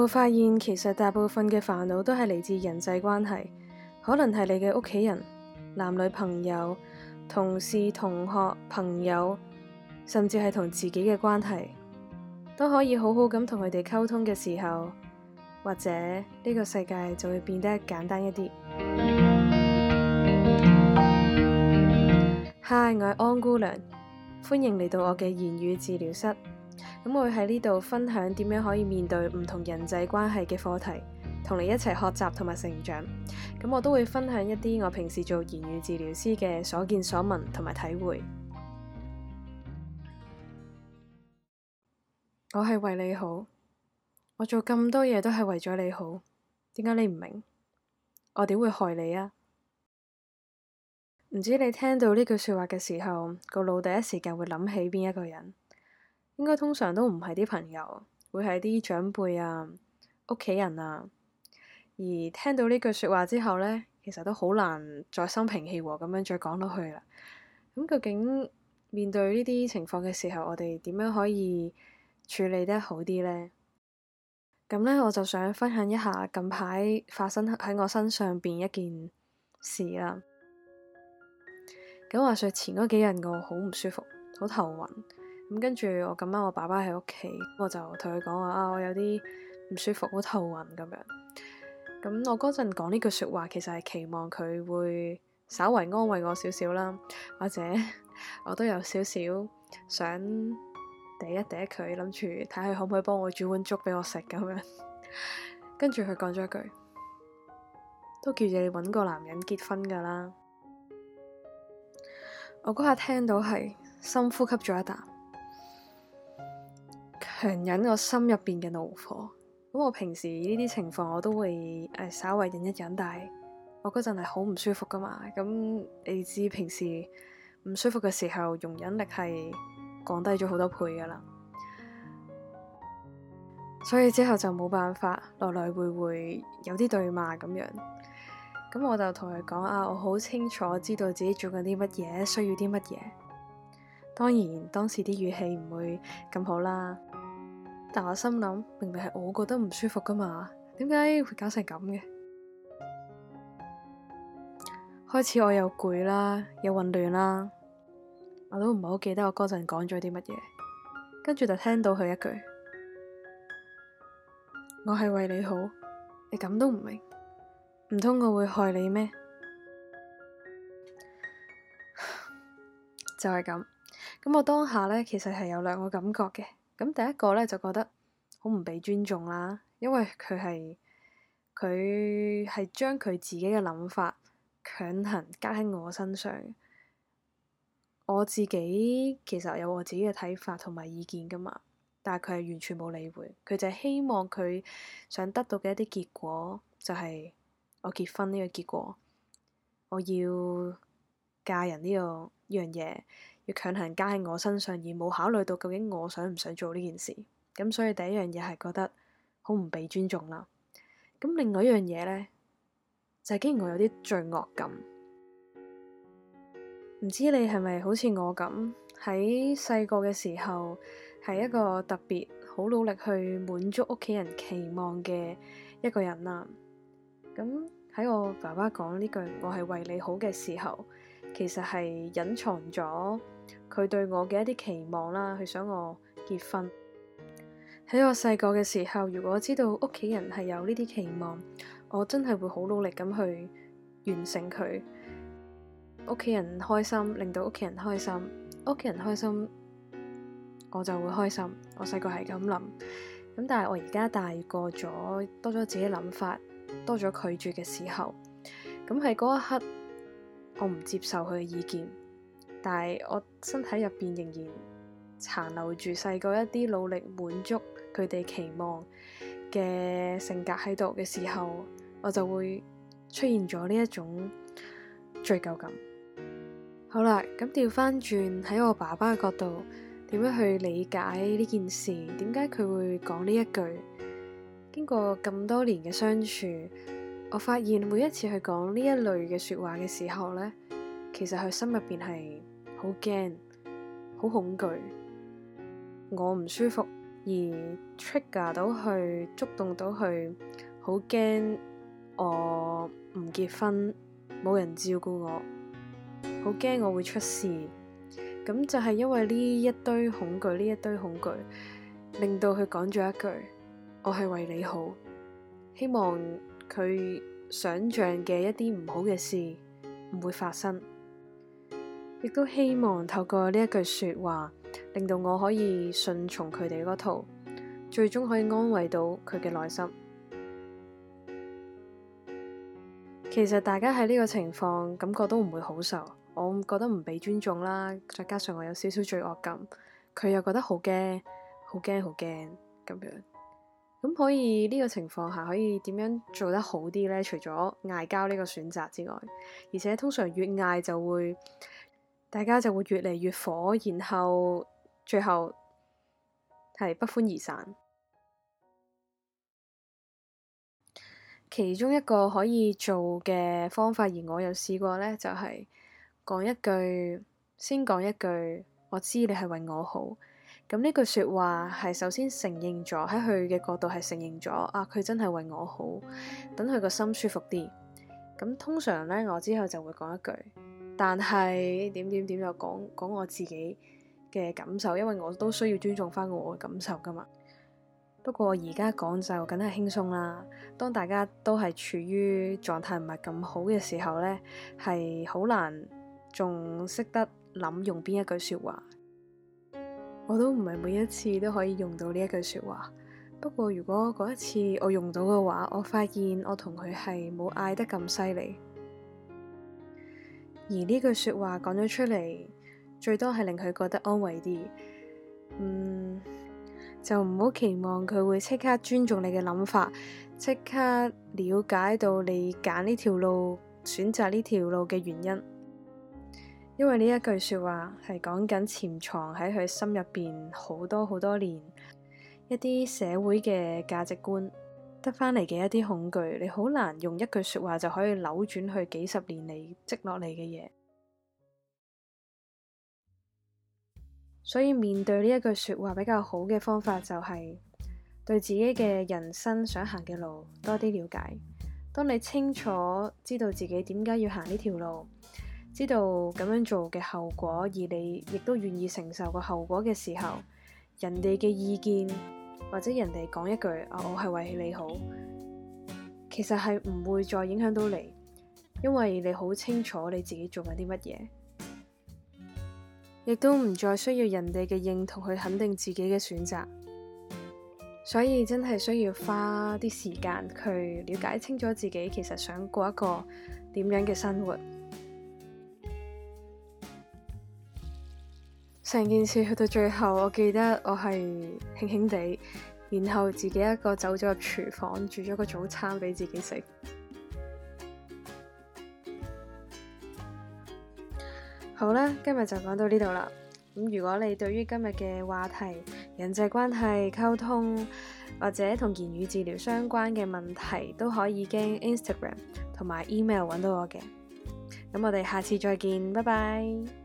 我發現其實大部分嘅煩惱都係嚟自人際關係，可能係你嘅屋企人、男女朋友、同事、同學、朋友，甚至係同自己嘅關係，都可以好好咁同佢哋溝通嘅時候，或者呢個世界就會變得簡單一啲。Hi，我係安姑娘，歡迎嚟到我嘅言語治療室。咁我會喺呢度分享點樣可以面對唔同人際關係嘅課題，同你一齊學習同埋成長。咁我都會分享一啲我平時做言語治療師嘅所見所聞同埋體會。 我係為你好，我做咁多嘢都係為咗你好，點解你唔明？我點會害你啊？ 唔知你聽到呢句說話嘅時候，個腦第一時間會諗起邊一個人？應該通常都唔係啲朋友，會係啲長輩啊、屋企人啊。而聽到呢句說話之後呢，其實都好難再心平氣和咁樣再講落去啦。咁究竟面對呢啲情況嘅時候，我哋點樣可以處理得好啲呢？咁呢，我就想分享一下近排發生喺我身上邊一件事啦。咁話說前嗰幾日我好唔舒服，好頭暈。跟住，我今晚我爸爸喺屋企，我就同佢講話啊，我有啲唔舒服，好頭暈咁樣。咁、嗯、我嗰陣講呢句說話，其實係期望佢會稍為安慰我少少啦，或者 我都有少少想嗲一嗲，佢諗住睇下可唔可以幫我煮碗粥俾我食咁樣。 跟住佢講咗一句，都叫你揾個男人結婚㗎啦。我嗰下聽到係深呼吸咗一啖。強忍我心入邊嘅怒火，咁我平時呢啲情況我都會稍為忍一忍，但係我嗰陣係好唔舒服噶嘛，咁你知平時唔舒服嘅時候容忍力係降低咗好多倍噶啦，所以之後就冇辦法來來回回有啲對罵咁樣，咁我就同佢講啊，我好清楚知道自己做緊啲乜嘢，需要啲乜嘢，當然當時啲語氣唔會咁好啦。但我心諗，明明係我覺得唔舒服噶嘛，點解會搞成咁嘅？開始我又攰啦，又混亂啦，我都唔係好記得我嗰陣講咗啲乜嘢。跟住就聽到佢一句：我係為你好，你咁都唔明白，唔通我會害你咩？就係咁。咁我當下呢，其實係有兩個感覺嘅。咁第一個咧，就覺得好唔被尊重啦，因為佢係佢係將佢自己嘅諗法強行加喺我身上。我自己其實我有我自己嘅睇法同埋意見噶嘛，但係佢係完全冇理會，佢就係希望佢想得到嘅一啲結果，就係、是、我結婚呢個結果，我要嫁人呢個樣嘢。強行加喺我身上，而冇考慮到究竟我想唔想做呢件事，咁所以第一樣嘢係覺得好唔被尊重啦。咁另外一樣嘢呢，就係竟然我有啲罪惡感。唔知你係咪好似我咁喺細個嘅時候係一個特別好努力去滿足屋企人期望嘅一個人啦？咁喺我爸爸講呢句我係為你好嘅時候。其實係隱藏咗佢對我嘅一啲期望啦，佢想我結婚。喺我細個嘅時候，如果知道屋企人係有呢啲期望，我真係會好努力咁去完成佢，屋企人開心，令到屋企人開心，屋企人開心我就會開心。我細個係咁諗，咁但係我而家大個咗，多咗自己諗法，多咗拒絕嘅時候，咁喺嗰一刻。我唔接受佢嘅意見，但係我身體入邊仍然殘留住細個一啲努力滿足佢哋期望嘅性格喺度嘅時候，我就會出現咗呢一種罪疚感。好啦，咁調翻轉喺我爸爸嘅角度，點樣去理解呢件事？點解佢會講呢一句？經過咁多年嘅相處。我發現每一次佢講呢一類嘅說話嘅時候咧，其實佢心入邊係好驚、好恐懼，我唔舒服，而 trigger 到佢、觸動到佢，好驚我唔結婚，冇人照顧我，好驚我會出事。咁就係因為呢一堆恐懼，呢一堆恐懼令到佢講咗一句：我係為你好，希望，佢想象嘅一啲唔好嘅事唔會發生，亦都希望透過呢一句說話，令到我可以順從佢哋嗰套，最終可以安慰到佢嘅內心。其實大家喺呢個情況感覺都唔會好受，我覺得唔俾尊重啦，再加上我有少少罪惡感，佢又覺得好驚、好驚、好驚咁樣。咁可以呢個情況下可以點樣做得好啲呢？除咗嗌交呢個選擇之外，而且通常越嗌就會大家就會越嚟越火，然後最後係不歡而散。其中一個可以做嘅方法，而我又試過呢，就係講一句，先講一句，我知你係為我好。咁呢句說話係首先承認咗喺佢嘅角度係承認咗啊，佢真係為我好，等佢個心舒服啲。咁通常呢，我之後就會講一句，但係點點點就講講我自己嘅感受，因為我都需要尊重翻我嘅感受㗎嘛。不過而家講就梗係輕鬆啦。當大家都係處於狀態唔係咁好嘅時候呢，係好難仲識得諗用邊一句說話。我都唔係每一次都可以用到呢一句說話，不過如果嗰一次我用到嘅話，我發現我同佢係冇嗌得咁犀利，而呢句說話講咗出嚟，最多係令佢覺得安慰啲，嗯，就唔好期望佢會即刻尊重你嘅諗法，即刻了解到你揀呢條路，選擇呢條路嘅原因。因為呢一句說話係講緊潛藏喺佢心入邊好多好多年一啲社會嘅價值觀得返嚟嘅一啲恐懼，你好難用一句說話就可以扭轉去幾十年嚟積落嚟嘅嘢。所以面對呢一句說話比較好嘅方法就係對自己嘅人生想行嘅路多啲了解。當你清楚知道自己點解要行呢條路。知道咁樣做嘅後果，而你亦都願意承受個後果嘅時候，人哋嘅意見或者人哋講一句啊、哦，我係為你好，其實係唔會再影響到你，因為你好清楚你自己做緊啲乜嘢，亦都唔再需要人哋嘅認同去肯定自己嘅選擇，所以真係需要花啲時間去了解清楚自己，其實想過一個點樣嘅生活。成件事去到最後，我記得我係輕輕地，然後自己一個走咗入廚房，煮咗個早餐俾自己食。 好啦，今日就講到呢度啦。咁如果你對於今日嘅話題、人際關係、溝通或者同言語治療相關嘅問題，都可以經 Instagram 同埋 email 揾到我嘅。咁我哋下次再見，拜拜。